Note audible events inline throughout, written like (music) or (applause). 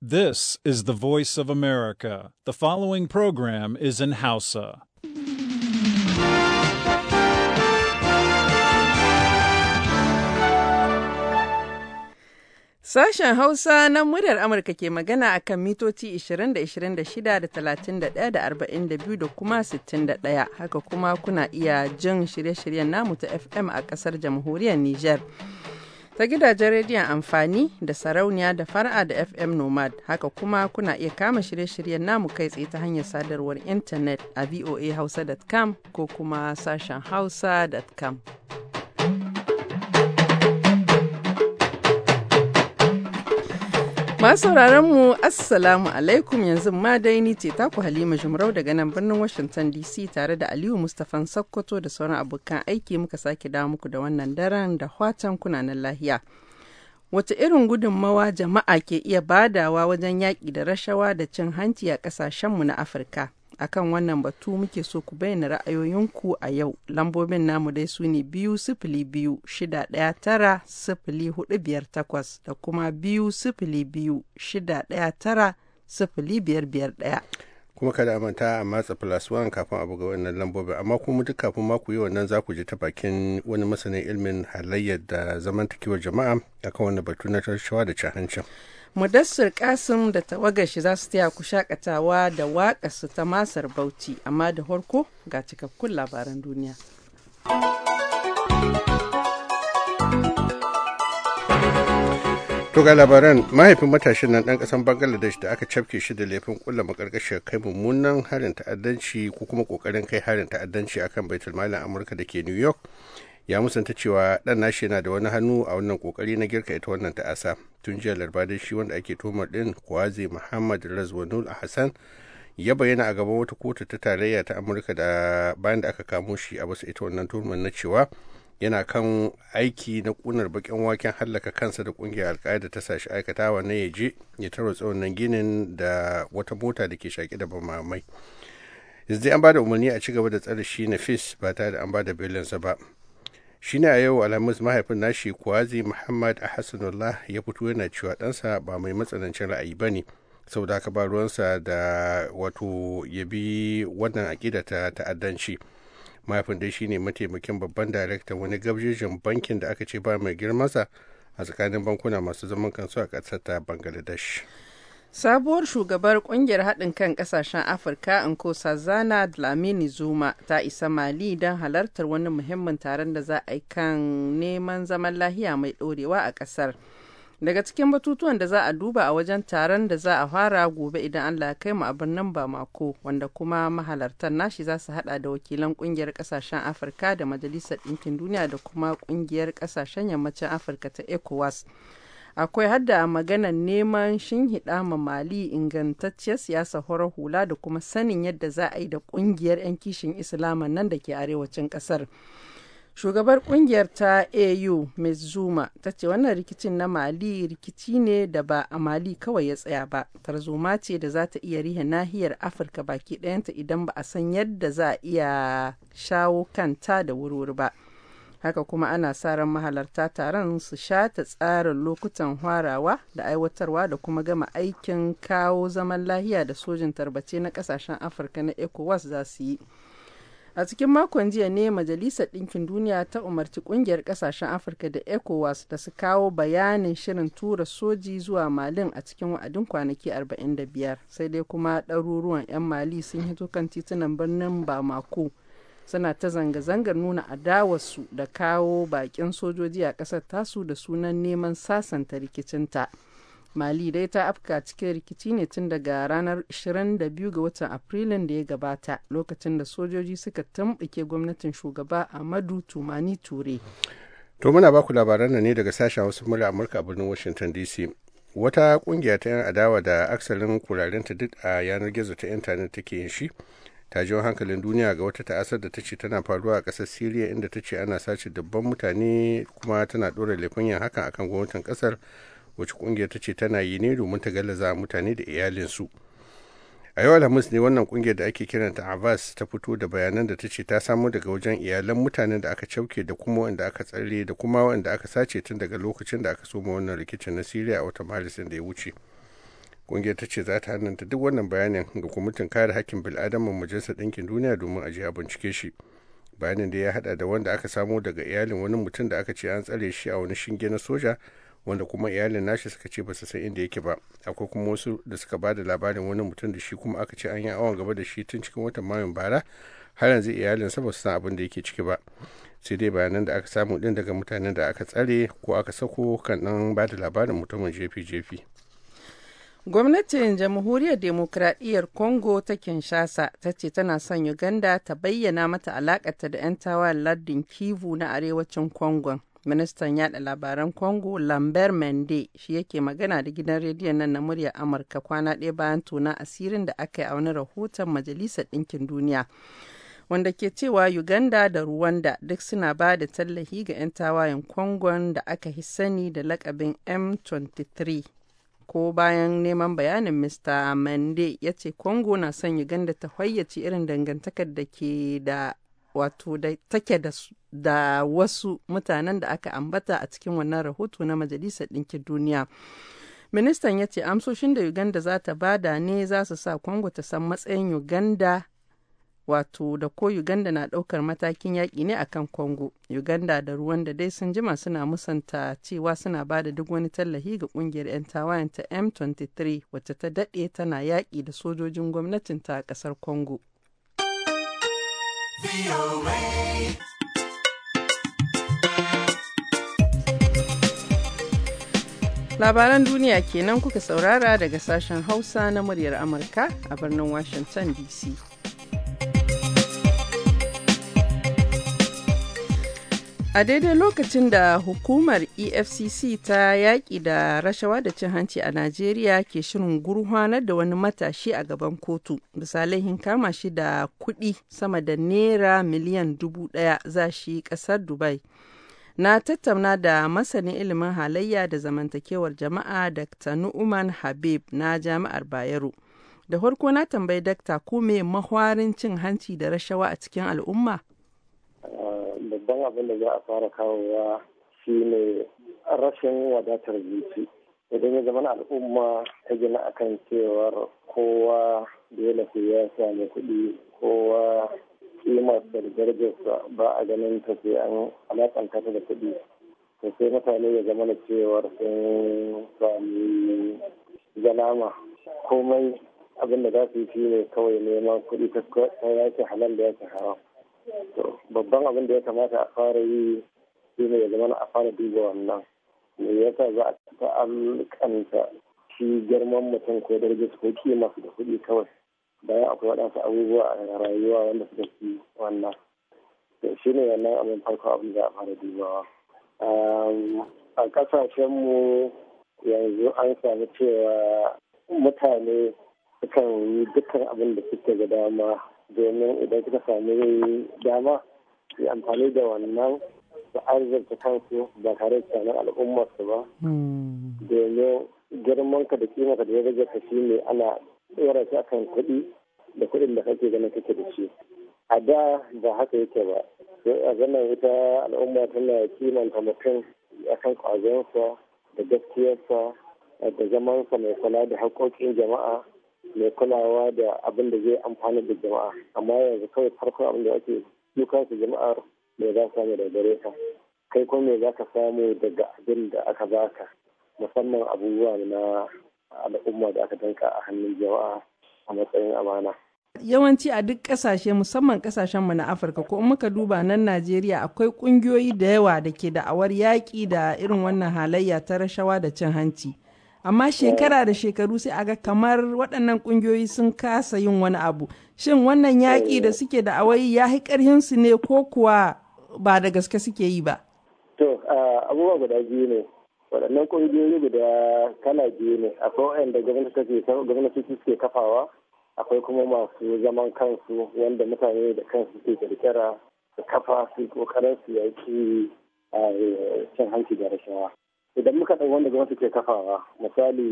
This is the voice of America. The following program is in Hausa. Sashen Hausa na muryar Amurka ke magana a kan mitoci 20-26-31-42 da kuma 61 haka kuma kuna iya jin shirye-shiryen namu ta FM a ƙasar jamhuriyar Nijar. ta gidajen rediyon amfani da sarauniya da fara da fm nomad haka kuma kuna iya kama shirye-shiryen namu kai tsaye ta hanyar sadarwar intanet a voahausa.com ko kuma sashen hausa.com Masu mu Assalamu alaikum yanzu ma dai ni ce taku Halima Jumrau daga nan birnin Washington DC tare da Aliyu Mustapha Sokoto da sauran abokan aiki muka sake dawo muku da wannan daren da watan kunanan lahiya. Wace irin gudunmawa jama'a ke iya badawa wajen yaƙi da rashawa da cin hanci a ƙasashenmu na Afirka? akan wannan batu muke so ku bayyana ra'ayoyinku a yau lambobin namu dai su ne biyu sifili biyu shida ɗaya tara sifili hudu biyar takwas da kuma biyu sifili biyu shida ɗaya tara sifili biyar biyar ɗaya. kuma kada a manta a matsa plus one kafin abu ga wannan lambobin amma kuma duk kafin maku yi wannan za ku je ta bakin wani masanin ilimin halayyar da zamantakewar jama'a akan wannan batu na tashawa da cahancin. Mudassir Kasim da tawagar shi za su taya ku shakatawa da waƙar su ta masar Bauchi amma da harko ga cikakkun labaran duniya. To ga labaran mahaifin matashin nan ɗan ƙasar Bangladesh da aka cafke shi da laifin kulla makarkashin kai mummunan harin ta'addanci ko kuma ƙoƙarin kai harin ta'addanci akan baitul malam Amurka da ke New York ya musanta cewa dan nashi yana da wani hannu a wannan kokari na girka ita wannan ta'asa tun jiya larba da shi wanda ake tuhumar din kwazi muhammad razwanul hassan ya bayyana a gaban wata kotu ta tarayya ta amurka da bayan da aka kamo shi a wasu ita wannan tuhumar na cewa yana kan aiki na kunar bakin waken hallaka kansa da kungiyar alkaida ta sashi aikatawa na yaje ya taro tsawon ginin da wata mota da ke shaƙi da bamamai yanzu an ba da umarni a ci gaba da tsare shi na fis ba tare da an ba da belinsa ba shine a yau alhamis mahaifin nashi kwazi muhammad hassanullah ya fito yana cewa ɗansa ba mai matsanancin ra'ayi ba ne saboda haka ba ruwansa da wato ya bi wannan aƙida ta ta'addanci mahaifin dai shine mataimakin babban daraktan wani gabjejin bankin da aka ce ba mai girmansa a tsakanin bankuna masu zaman kansu a ƙasar ta bangladesh Sabuwar shugabar kungiyar haɗin kan ƙasashen Afirka da Dlamini Zuma ta isa Mali don halartar wani muhimmin taron da za a yi kan neman zaman lahiya mai ɗorewa a ƙasar. Daga cikin batutuwan da za a duba a wajen taron da za a fara gobe idan Allah kai mu a birnin Bamako wanda kuma mahalartan nashi za su hada da wakilan kungiyar ƙasashen Afirka da Majalisar Ɗinkin Duniya da kuma kungiyar ƙasashen Yammacin Afirka ta ECOWAS. akwai hadda a maganar neman shinhiɗa ma mali ingantacciyar siyasa horar hula da kuma sanin yadda za a yi da ƙungiyar 'yan kishin islama nan da ke arewacin ƙasar shugabar kungiyar ta au ms zuma ta ce wannan rikicin na mali rikici ne da ba a mali kawai ya tsaya ba tarzoma ce da za ta iya rihe nahiyar afirka baki ɗayanta idan ba a san yadda za a iya shawo kanta da wuri ba haka kuma ana sa ran mahalarta taron su shata tsarin lokutan hwarawa da aiwatarwa da kuma gama aikin kawo zaman lahiya da sojin tarbace na kasashen afirka na ecowas za su yi a cikin makon jiya ne majalisar ɗinkin duniya ta umarci ƙungiyar ƙasashen afirka da ecowas da su kawo bayanin shirin tura soji zuwa malin a cikin wa'adin kwanaki 45 sai dai kuma ɗaruruwan 'yan mali sun hito kan titunan birnin bamako suna ta zanga-zangar nuna adawarsu da kawo bakin sojoji a ƙasar tasu da sunan neman sasanta rikicinta mali dai ta afka cikin rikici ne tun daga ranar 22 ga watan afrilun da ya gabata lokacin da sojoji suka tambake gwamnatin shugaba amadu tumani ture to muna baku labaran ne daga sashen wasu mura amurka a birnin washington dc wata kungiya ta yan adawa da aksalin kurarenta duk a yanar gizo ta intanet take yin shi ta jawo hankalin duniya ga wata ta'asar da ta ce tana faruwa a ƙasar syria inda ta ce ana sace dabban mutane kuma tana ɗora laifin yin hakan akan gwamnatin ƙasar wacce ƙungiyar ta ce tana yi ne domin ta gallaza mutane da iyalinsu a yau alhamis ne wannan ƙungiyar da ake kiranta avas ta fito da bayanan da ta ce ta samo daga wajen iyalan mutanen da aka cauke da kuma wanda aka tsare da kuma wanda aka sace tun daga lokacin da aka soma wannan rikicin na siriya a watan maris da ya wuce kungiyar ta ce za ta hannunta duk wannan bayanin ga kwamitin kare hakkin bil'adama majalisar ɗinkin duniya domin a je a bincike shi bayanin da ya hada da wanda aka samo daga iyalin wani mutum da aka ce an tsare shi a wani shinge na soja wanda kuma iyalin nashi suka ce ba su san inda yake ba akwai kuma wasu da suka ba da labarin wani mutum da shi kuma aka ce an yi awon gaba da shi tun cikin watan mayun bara har yanzu iyalin sa ba su san abin da yake ciki ba sai dai bayanan da aka samu din daga mutanen da aka tsare ko aka sako kan dan ba da labarin mutumin jefi-jefi Gwamnatin Jamhuriyar Demokuraɗiyyar Congo ta Kinshasa ta ce tana son Uganda ta bayyana mata alakata da 'yan tawayen lardin Kivu na arewacin Congo. Ministan yada labaran Congo Lambert Mende shi yake magana da gidan rediyon nan na muryar Amurka kwana ɗaya bayan tona asirin da aka yi a wani rahoton Majalisar Ɗinkin Duniya. wanda ke cewa Uganda da Rwanda duk suna ba da tallahi ga 'yan tawayen Kongon da aka sani da lakabin M23 ko bayan neman bayanin Mr. Mande ya ce Congo na son Uganda ta hayyace irin dangantakar da ke da wato da take da, da wasu mutanen da aka ambata a cikin wannan rahoto na Majalisar Ɗinkin Duniya. Ministan ya ce amsoshin da Uganda za ta bada ne za su sa Congo ta san matsayin Uganda wato da ko Uganda na ɗaukar matakin yaƙi ne akan Congo. Uganda da ruwan da dai sun jima suna musanta cewa suna ba da duk wani tallahi ga ƙungiyar 'yan tawayen ta M23 wacce ta daɗe tana yaƙi da sojojin gwamnatin ta ƙasar Congo. Labaran duniya kenan kuka saurara daga sashen Hausa na muryar Amurka a birnin Washington DC. a daidai lokacin da hukumar efcc ta yaƙi da rashawa da cin hanci a najeriya ke shirin gurhanar da wani matashi a gaban kotu misalai kama shi da kuɗi sama da naira miliyan dubu ɗaya za shi ƙasar dubai na tattauna da masanin ilimin halayya da zamantakewar jama'a dr nu'uman habib na jami'ar bayero da farko na tambayi dakta ko me mahwarin cin hanci da rashawa a cikin al'umma ah, babban abin da za a fara kawowa shi ne rashin wadatar jiki idan ya zama al'umma ta gina akan cewar kowa dole sai ya sami kuɗi kowa kima da darajarsa ba a ganin ta sai an alakanta ta da kuɗi to sai mutane ya zama na cewar sun sami ganama komai abin da za su yi shi ne kawai neman kuɗi ta yake halal da yake haram babban abin da ya kamata a fara yi shi ne ya zama a fara duba wannan me yasa za a ta'alkanta shi girman mutum ko darajar ko kima su da kuɗi kawai bayan akwai waɗansu abubuwa a rayuwa wanda suka fi wannan to shi ne wannan abin farko abin da a fara dubawa a ƙasashenmu yanzu an samu cewa mutane sukan yi dukkan abin da suke ga dama domin idan suka sami dama yi amfani da wannan su arzanta kansu ba tare da tsanar al'ummarsu ba hmm. domin girman ka da kima ka da ya rage ka shine ana tsora shi akan kuɗi da kuɗin da kake ganin kake da shi a da ba haka yake ba a zanen ita al'umma tana kimanta mutum akan kwazonsa da gaskiyarsa da zamansa mai kula da haƙoƙin jama'a mai kulawa da abin da zai amfani da jama'a amma yanzu kawai farko abin da ake su jama'a jama'ar mai za samu da gare ka kai kuma mai za ka samu daga abin da aka baka musamman abubuwa na al'umma da aka danka a hannun jama'a a matsayin amana yawanci a duk kasashe musamman kasashen mu na afirka ko muka duba nan najeriya akwai kungiyoyi da yawa da ke da'awar yaƙi da irin wannan halayya ta rashawa da cin hanci amma eh. shekara da shekaru sai aga kamar waɗannan ƙungiyoyi sun kasa yin wani abu shin wannan eh. yaƙi da suke da awai ya yi ƙarhinsu ne ko kuwa ba da gaske suke yi ba to abubuwa guda biyu ne waɗannan ƙungiyoyi guda kala biyu ne akwai waɗanda gwamnati suke kafawa akwai kuma masu zaman kansu wanda mutane da kansu ke kirkira da kafa su ƙoƙarin su yaƙi cin hanci da rashawa idan muka ɗau wanda gwamnati ke kafawa misali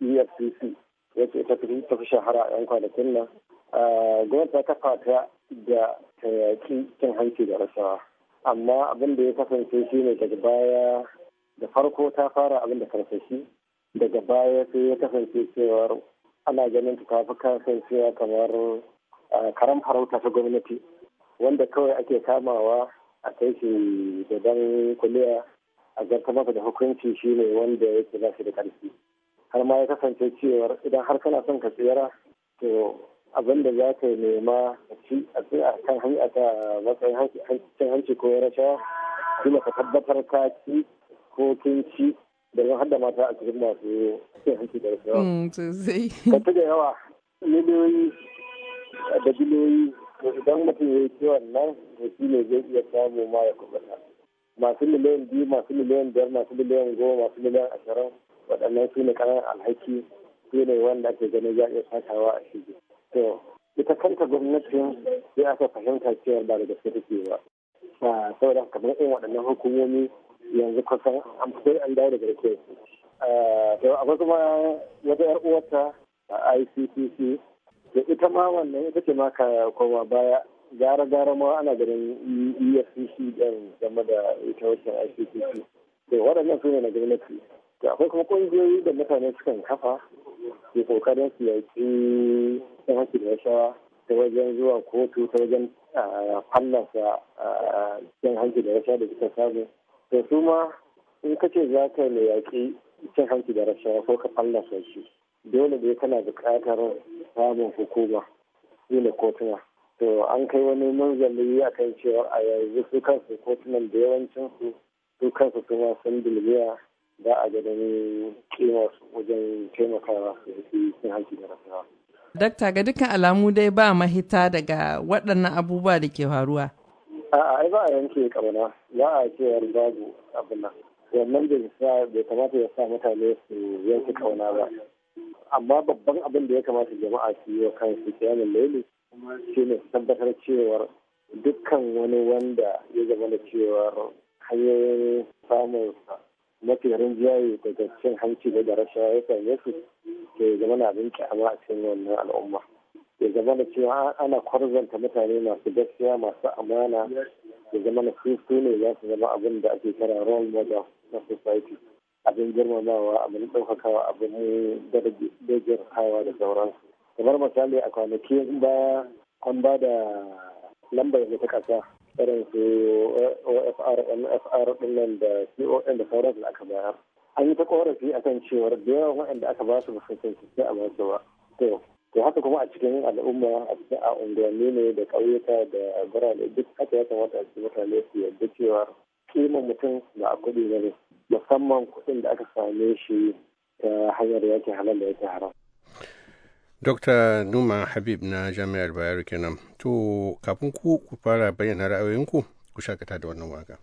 efcc ya ce ta fi shahara a 'yan kwanakin nan gwamnati ta kafa ta da ta yaƙi cin hanci da rasawa amma abin da ya kasance shi ne daga baya da farko ta fara abin da karfashi daga baya sai ya kasance cewa ana ganin ta fi kasancewa kamar karan farauta ta gwamnati wanda kawai ake kamawa a kai shi daban kuliya a zartar da hukunci ne wanda yake ba shi da ƙarfi har ma ya kasance cewar idan har kana son ka tsira to abin da za ka nema a ci a kan hanya ta matsayin cin hanci ko ya rashawa shi ka tabbatar ka ci ko kin ci da zan hada mata a cikin masu cin hanci da rasha mm, Ka da yawa miliyoyi da biliyoyi to idan mutum ya yi ciwon nan to shi ne zai iya samu ma ya kubata. masu miliyan biyu masu miliyan biyar masu miliyan goma masu miliyan ashirin waɗannan su ne ƙananan alhaki su ne wanda ake ganin za a iya sakawa a ciki to ita kanta gwamnatin sai aka fahimta cewa ba da gaske take ba ba saboda kamar irin waɗannan hukumomi yanzu kusan an fito an dawo da gaske eh, to akwai kuma wata yar uwarta a ICCC Da ita ma wannan ita ce ma ka koma baya gara gara ma ana ganin efcc din game da ita wacce icc to waɗannan su ne na gwamnati to akwai kuma ƙungiyoyi da mutane sukan kafa ke kokarin su yaƙi ɗan hakki da shawa ta wajen zuwa kotu ta wajen fallasa ɗan hanci da rashawa da suka samu to su ma in ka ce za ka ne yaƙi cin hanci da rashawa ko ka fallasa shi dole ne kana buƙatar samun hukuma shine kotuna to an kai wani manzali a kan cewa a yanzu su kansu kotunan da yawancin su su kansu su ma sun bilbiya za a ga ganin su wajen taimakawa su yi cin hanci da rasuwa. Dakta ga dukkan alamu dai ba mahita daga waɗannan abubuwa da ke faruwa. A'a, ai ba a yanke kamana, za a cewar babu abin nan. Wannan da sa bai kamata ya sa mutane su yanke kauna ba. Amma babban abin da ya kamata jama'a su yi wa kansu kiyanin laili kuma shi ne tabbatar cewar dukkan wani wanda ya zama da cewar hanyoyin samun mafi jiyayi daga cin hanci da Rasha. ya same su ke zama na abin a cikin wannan al'umma ya zama da cewa ana kwarzanta mutane masu gaskiya masu amana ya zama na su su ne za su zama abin da ake kira role model na society abin girmamawa abin ɗaukakawa abin darajar hawa da sauransu kamar misali a kwanaki ba an ba da lambar da ta kasa irin su ofr nfr dinnan da com da sauransu da aka bayar an yi ta korafi kan cewar da yawan waɗanda aka ba su musulunci sai a ba su ba to haka kuma a cikin al'umma a cikin a unguwanni ne da ƙauyuka da birane duk aka ya kamata a cikin mutane su yarda cewa kiman mutum ba a kuɗi ne musamman kuɗin da aka same shi ta hanyar yake halal da yake haram Dr. Numa Habib na Jami'ar Bayero kenan. To kafin ku fara bayyana ra'ayoyinku ku shakata da wannan waka.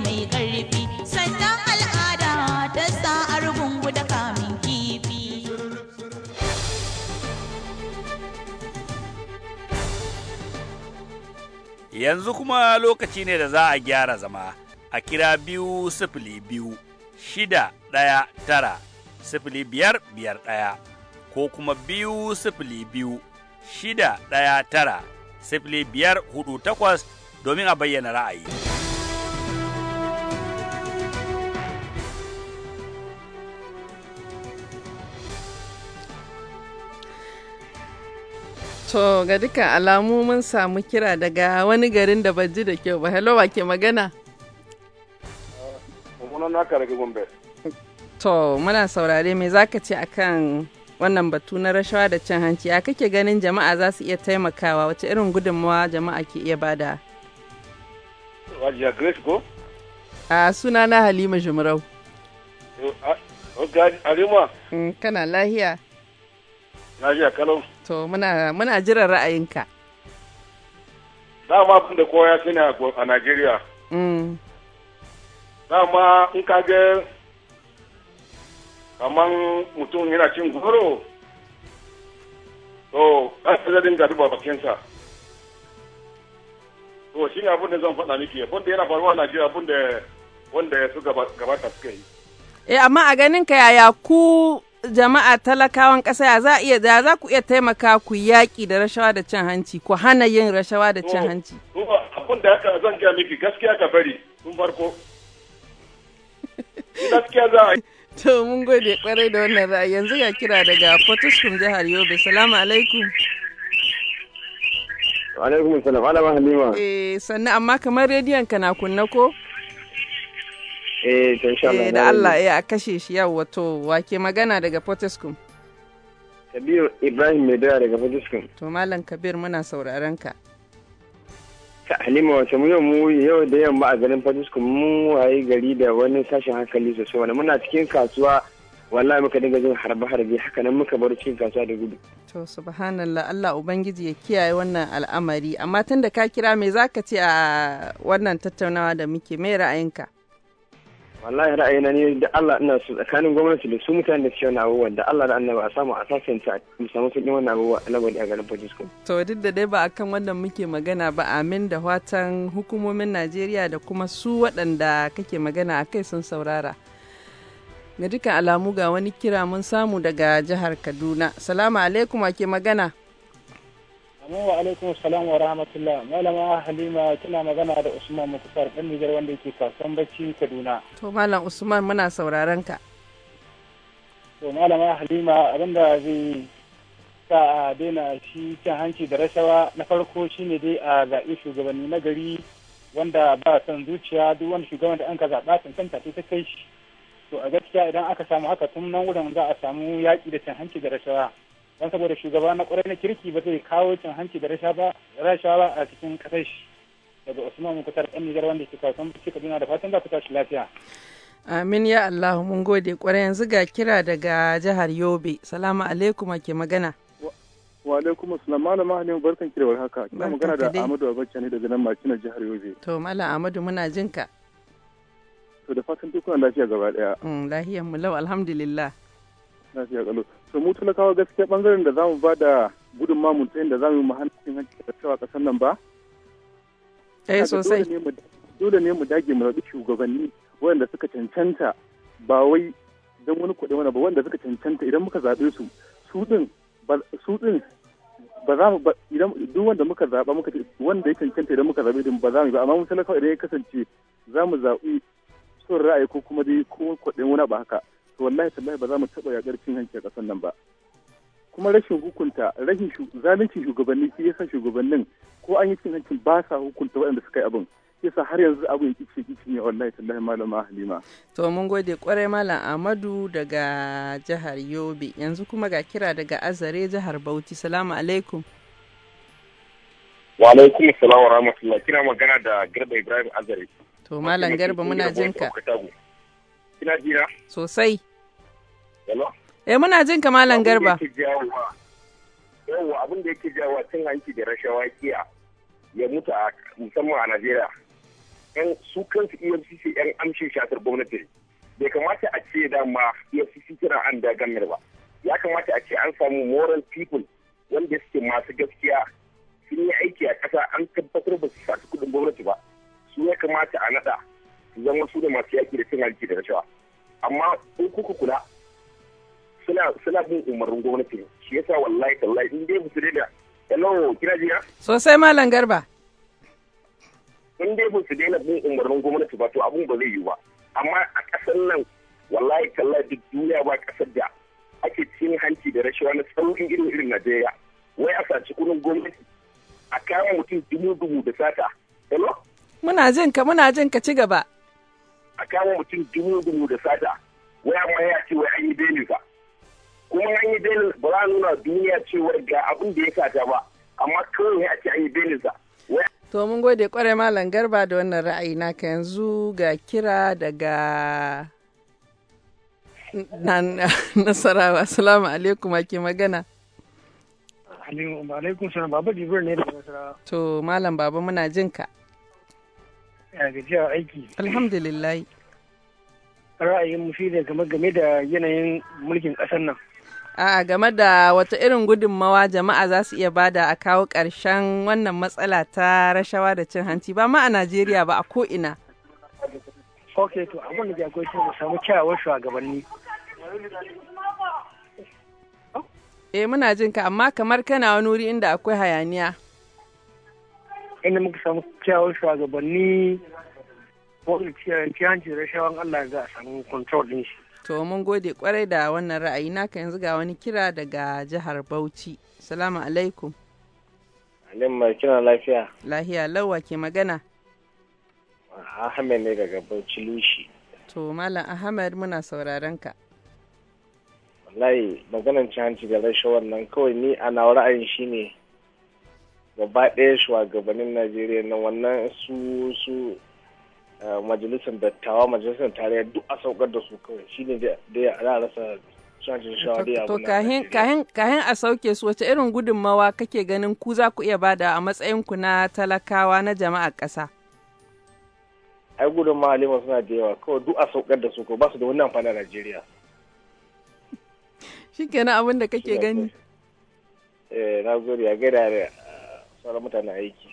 mai ƙarfi sannan al'ada ta sa da yanzu kuma lokaci ne da za a gyara zama a kira biyu sifili biyu shida ɗaya tara sifili biyar biyar ɗaya ko kuma biyu sifili biyu shida ɗaya tara sifili biyar hudu takwas domin a bayyana ra'ayi. To ga duka alamu mun samu kira daga wani garin da ban ji da kyau ba. Hello wa ke magana? Mummunan ah, naka daga Gombe. To muna saurare me zaka ce akan wannan batu na rashawa da cin hanci ya kake ganin jama'a za su iya taimakawa wace irin gudunmawa jama'a ke iya bada? Wajiya Grace ko? A suna na Halima Jumrau. Eh, Halima? Mm, kana lahiya? Lahiya kalau. To muna muna jiran ra'ayinka. Dama abin da kowa ya ne a Najeriya. Mm. Dama in ka ga kamar mutum yana cin goro to ƙasa zai dinga duba bakinsa. To shi ne abin da zan faɗa miki abin da yana faruwa a Najeriya abin da wanda su gabata suka yi. Eh amma a ganin ka yaya ku jama'a talakawan ƙasa ya za iya da za ku iya taimaka ku yaƙi da rashawa da cin hanci ku hana yin rashawa da cin hanci. Abin da haka zan gaya miki gaskiya ka bari tun farko. Gaskiya za a yi. (laughs) To mun gode kwarai da wannan ra'ayi yanzu ga kira daga Potoskum jihar Yobe. Salamu alaikum. Alaikum salam alama Halima. Eh sannan amma kamar rediyon ka na kunna ko? eh, eh da Allah ya kashe shi yawa wato wake magana daga Potescom Kabir Ibrahim mai daga Potescom to malam Kabir muna sauraron ka ta halima wace mu yau da yamma a garin Potescom mu waye gari da wani sashen hankali sosai wani muna cikin kasuwa wallahi muka dinga jin harbe harbe haka nan muka bar cikin kasuwa da gudu to subhanallah Allah ubangiji ya kiyaye wannan al'amari amma tunda ka kira me zaka ce a wannan tattaunawa da muke me ra'ayinka wallahi ra'ayina ne da Allah ina su tsakanin gwamnati da su mutane da suke wannan abubuwan da Allah da annaba a samu a ta mu samu sun yin wannan abubuwa lagos a garin Fajiskum. To duk da dai ba a kan wannan muke magana ba amin da watan hukumomin Najeriya da kuma su waɗanda kake magana a kai sun saurara. Ga dukkan alamu ga wani kira mun samu daga jihar Kaduna. Salamu alaikum ake magana. Amin wa alaikum salam wa rahmatullah. Malama Halima tana magana da Usman Muktar ɗan Nijar wanda yake kasan bacci Kaduna. To Malam Usman muna sauraron ka. To Malama Halima abin da zai sa a daina shi cin hanci da rashawa na farko shine dai a zaɓi shugabanni na gari wanda ba son zuciya duk wani shugaban da an ka zaɓa cancanta ce ta kai shi. To a gaskiya idan aka samu haka tun nan wurin za a samu yaƙi da cin hanci da rashawa. don saboda shugaba na kwarai na kirki ba zai kawo cin hanci da rashawa ba a cikin kasar daga usman mukutar ɗan nijar wanda ke kasan suka duna da fatan za ta tashi lafiya amin ya allah mun gode kwarai yanzu ga kira daga jihar yobe salamu alaikum ke magana wa alaikum assalam malam halima barkan ki da warhaka kina magana da amadu abacha ne daga nan makina jihar yobe to malam amadu muna jin ka to da fatan dukkan lafiya gaba daya mm, lafiyan mu lau alhamdulillah lafiya kalo to mu talakawa gaskiya bangaren da zamu ba da gudun mamun tsayin da mu yi mu hancin hanci da cewa kasan nan ba eh sosai dole ne mu dage mu rabu shugabanni wanda suka cancanta ba wai don wani kuɗi mana ba wanda suka cancanta idan muka zaɓe su su din su din ba za mu ba idan duk wanda muka zaɓa muka wanda ya cancanta idan muka zaɓe din ba za mu ba amma mu talakawa idan ya kasance za mu zaɓi son ra'ayi ko kuma dai ko kuɗin wani ba haka to wallahi tallahi ba za mu taɓa yaƙar cin hanci a ƙasar nan ba kuma rashin hukunta rashin zalunci shugabanni shi yasa shugabannin ko an yi cin hancin ba sa hukunta waɗanda suka yi abin yasa har yanzu abin ya kice kice ne wallahi tallahi malama halima to mun gode kwarai malam amadu daga jihar yobe yanzu kuma ga kira daga azare jihar bauchi salamu alaikum wa alaikum assalam wa rahmatullah kina magana da garba ibrahim azare to malam garba muna jinka Sosai. Eh muna jin kamalan garba. Yawwa abin da yake jawowa cin hanci da rashawa kiya ya mutu a musamman a Najeriya. Yan su kansu EFCC yan amshin shatar gwamnati. Bai kamata a ce dama EFCC tana an da gamar ba. Ya kamata a ce an samu moral people wanda suke masu gaskiya sun yi aiki a ƙasa an tabbatar ba su shafi kuɗin gwamnati ba. Su ya kamata a naɗa. zama su da masu yaki da cin hanci da rashawa amma in kuka kula suna suna bin umarnin gwamnati ne shi yasa wallahi tallahi in dai musu daina hello kina jiya sosai malam garba in dai musu daina bin umarnin gwamnati ba to abun ba zai yi ba amma a ƙasar nan wallahi tallahi duk duniya ba ƙasar da ake cin hanci da rashawa na tsawon irin irin Najeriya wai a saci kunin gwamnati a kama mutum dubu dubu da sata hello muna jin ka muna jin ka ci gaba a kama mutum dubu dubu da sata wai amma ya ce wai an yi belinsa kuma an yi belin ba za a nuna duniya cewar ga abin da ya sata ba amma kawai ya ce an yi belinsa To mun gode kwarai Malam Garba da wannan ra'ayi ka yanzu ga kira daga Nasarawa. salamu alaikum ake magana. Alaikum salam Baba Jibril ne da Nasarawa. To Malam Baba muna jinka. ka. gajiya aiki. Alhamdulillah. Ra'ayin game da yanayin mulkin ƙasar nan. A'a game da wata irin gudunmawa jama'a za su iya bada a kawo ƙarshen wannan matsala ta rashawa da cin hanci ba ma a Najeriya ba a ko'ina. Ok, to abin da jagoyi mu samu kyawar shugabanni. Eh muna jinka amma kamar kana wani wuri inda akwai hayaniya. inda muka samu kyawun shugabanni wanda ci hanci da rashawan Allah za a samu kontrol din shi. To mun gode kwarai da wannan ra'ayi naka yanzu ga wani kira daga jihar Bauchi. Salamu alaikum. Alim mai kina lafiya. Lahiya lawa ke magana. Ahmed ne daga Bauchi Lushi. To Malam Ahmed muna sauraron ka. Wallahi maganan ci hanci da rashawar nan kawai ni a ra'ayin shine gaba ɗaya shugabannin najeriya na wannan su su eh, majalisar dattawa majalisar tarayya duk a saukar da su kawai shi ne da ya rasa shajin shawari abu to kahin a sauke su wace irin gudunmawa kake ganin ku za ku iya bada a matsayin ku na talakawa na jama'ar ƙasa ai gudunmawa lima suna da yawa kawai duk a saukar da su ko ba su da wannan amfani a najeriya (laughs) kenan abin da kake gani eh na gode ya gaida sauran mutane aiki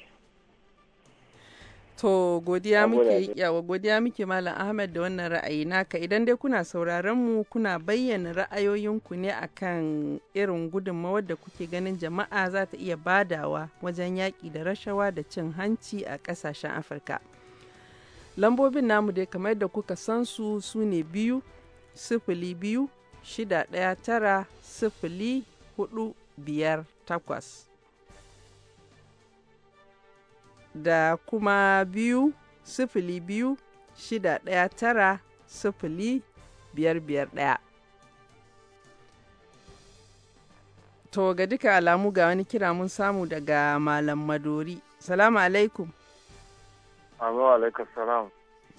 To godiya muke yawa godiya muke Malam Ahmed da wannan ra'ayi naka idan dai kuna sauraron mu kuna bayyana ra'ayoyinku ne akan irin gudunmawar da kuke ganin jama'a za ta iya badawa wajen yaƙi da rashawa da cin hanci a ƙasashen Afirka. Lambobin namu dai kamar da kuka san su su ne biyu sifili biyu shida ɗaya tara sifili hudu biyar takwas. da kuma biyu sifili biyu shida ɗaya tara sifili biyar biyar ɗaya. To ga duka alamu ga wani kira mun samu daga Malam Madori. Salamu alaikum. wa alaikum salam.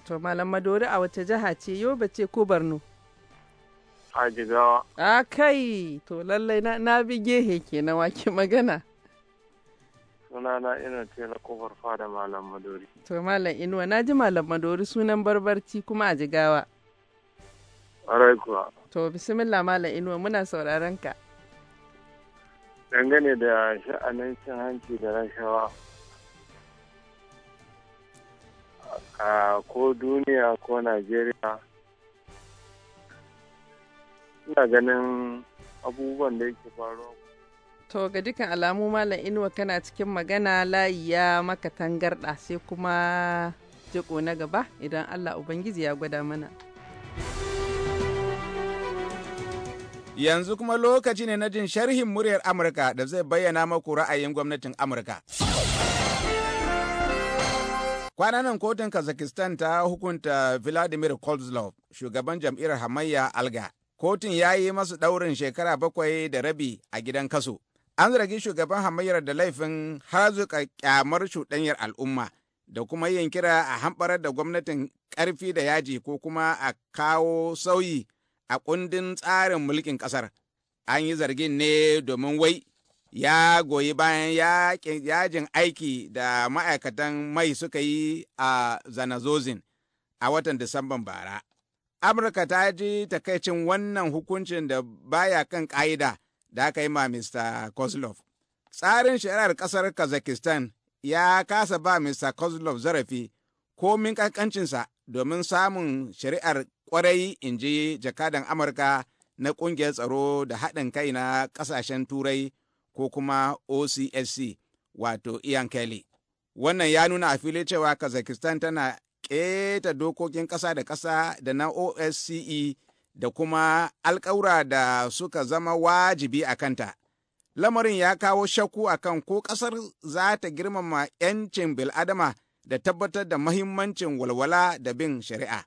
To Malam Madori a wata jiha ce Yoba ce ko Borno? A Jigawa. A kai, to lallai na, na bi gehe na wake magana. sunana ina ce na kofar fada malam madori to malam inuwa na ji malam madori sunan barbarci kuma a jigawa ƙwarai kuwa to bismillah malam inuwa muna sauraron ka dangane da sha'anin cin hanci da rashawa a ko duniya ko najeriya ina ganin abubuwan da yake faruwa To ga dukan alamu Malam Inuwa kana cikin magana layi ya maka tangarɗa sai kuma jiko na gaba idan Allah Ubangiji ya gwada mana. Yanzu kuma lokaci ne na jin sharhin muryar Amurka da zai bayyana maku ra'ayin gwamnatin Amurka. Kwanan kotun Kazakhstan ta hukunta Vladimir Kozlov, shugaban jam'iyyar hamayya Alga. Kotun ya yi masu ɗaurin shekara bakwai da rabi a gidan kaso. An zargi shugaban hamayyar da laifin hazuka kyamar shuɗanyar al'umma da kuma yin kira a hamɓarar da gwamnatin ƙarfi da yaji ko kuma a kawo sauyi a kundin tsarin mulkin ƙasar. An yi zargin ne domin wai ya goyi bayan yajin aiki da ma'aikatan mai suka yi a zanazozin a watan Disamban bara. Amurka ta ji takaicin wannan hukuncin da baya kan ƙa'ida da aka yi ma Mr. Kozlov. Tsarin shari'ar ƙasar kazakistan ya kasa ba Mr. Kozlov zarafi ko min ƙanƙancinsa domin samun shari'ar ƙwarai in ji jakadan Amurka na ƙungiyar tsaro da haɗin kai na ƙasashen Turai ko kuma OCSC wato Ian Kelly. Wannan ya nuna a fili cewa kazakistan tana keta dokokin ƙasa da ƙasa da na OSCE da kuma alƙawura da suka zama wajibi a kanta. Lamarin ya kawo shakku a kan ko ƙasar za ta girmama 'yancin bil'adama da tabbatar da mahimmancin walwala da bin shari'a.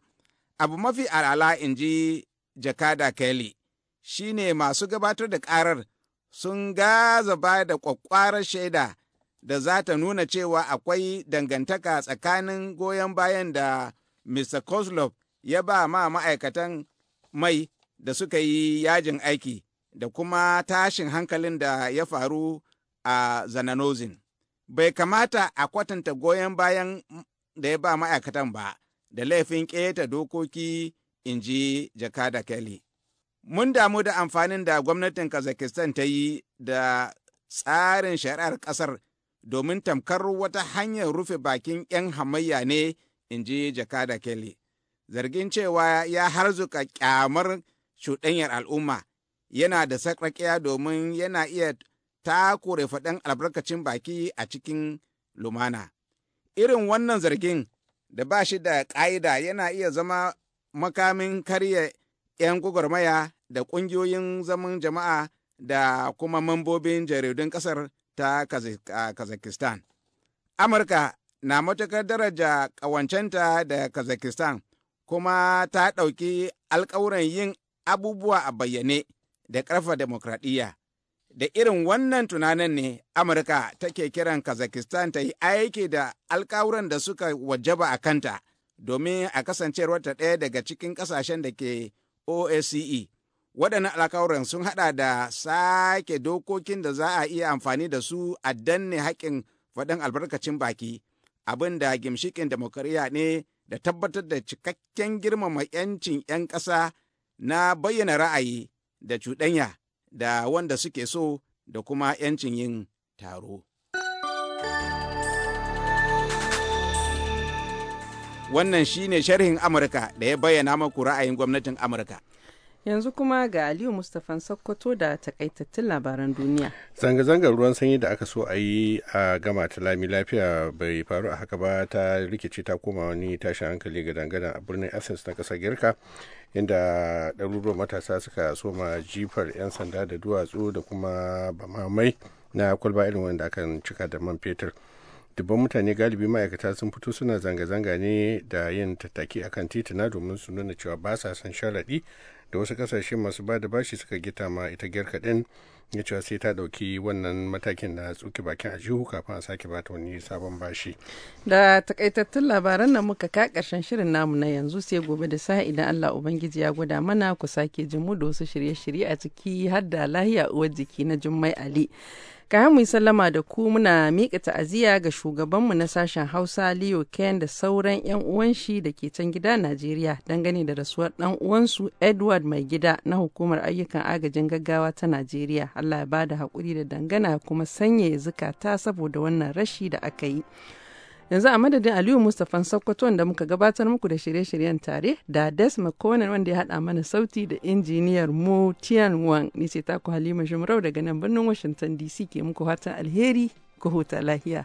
Abu mafi al'ala in ji Jakada Kelly shi ne masu gabatar da ƙarar sun gaza ba da ƙwaƙƙwarar shaida da za ta nuna cewa akwai dangantaka tsakanin goyon bayan da Mr. Kozlov ya ba ma ma'aikatan mai da suka yi yajin aiki da kuma tashin hankalin da ya faru a zananozin. Bai kamata a kwatanta goyon bayan da ya ba ma'aikatan ba da laifin keta dokoki in ji Jakada Kelly. Mun damu da amfanin da gwamnatin kazakistan ta yi da tsarin shari'ar ƙasar domin tamkar wata hanyar rufe bakin 'yan hamayya ne in ji Jakada Kelly. zargin cewa ya harzuka kyamar cuɗanyar al'umma yana da sakrakiya domin yana iya takure faɗin albarkacin baki a cikin lumana. Irin wannan zargin da ba shi da ƙa'ida yana iya zama makamin karya 'yan gwagwarmaya da ƙungiyoyin zaman jama'a da kuma mambobin jaridun ƙasar ta kazakistan Amurka na matuƙar daraja ƙawancenta da kazakistan kuma ta ɗauki alkawuran yin abubuwa a bayyane da ƙarfa demokradiyya. Da irin wannan tunanin ne Amurka take kiran kazakistan ta yi aiki da alkawuran da suka wajaba a kanta domin a kasancewar ta ɗaya daga cikin ƙasashen da ke OSCE. Waɗannan alkawuran sun haɗa da sake dokokin da za a iya amfani da su a danne haƙƙin faɗin albarkacin baki, abin da gimshikin demokariya ne da tabbatar da cikakken girmama 'yancin 'yan ƙasa na bayyana ra'ayi da cuɗanya da wanda suke so da kuma 'yancin yin taro. Wannan shi ne sharhin Amurka da ya bayyana maku ra'ayin gwamnatin Amurka. Yanzu kuma ga Aliyu Mustapha Sokoto da takaitattun labaran duniya. Zanga-zangar ruwan sanyi da aka so a yi a gama ta lami lafiya bai faru a haka ba ta rikici ta koma wani tashin hankali ga dangana a birnin Essex na kasar Girka inda ɗaruruwan matasa suka soma jifar 'yan sanda da duwatsu da kuma bamamai na kwalba irin wanda akan cika da man fetur. dubban mutane galibi ma'aikata sun fito suna zanga-zanga ne da yin tattaki akan tituna domin su nuna cewa ba sa son sharaɗi da wasu kasashe masu ba da bashi suka gita ma ita girka din ya cewa sai ta dauki wannan matakin na tsuki bakin a jihu kafin a sake bata wani sabon bashi da takaitattun labaran nan muka ka karshen shirin namu na yanzu sai gobe da sa idan Allah ubangiji ya gwada mana ku sake jin muda da wasu shirye-shirye a ciki har da lahiya uwar jiki na Jummai Ali Ka mu yi sallama da ku muna mika ta'aziyya ga shugabanmu na sashen Hausa Leo Ken da sauran 'yan uwan shi da ke can gida Najeriya dangane da rasuwar dan uwansu Edward mai gida na hukumar ayyukan agajin gaggawa ta Najeriya. Allah ya bada hakuri da dangana kuma sanyaya zukata saboda wannan rashi da aka yi. yanzu a madadin aliyu mustapha sokoto da muka gabatar muku da shirye-shiryen tare da des mcconnell wanda ya haɗa mana sauti da injiniyar mu tian wang ni ce taku halima jumrau daga nan birnin washington dc ke muku fatan alheri ku huta lahiya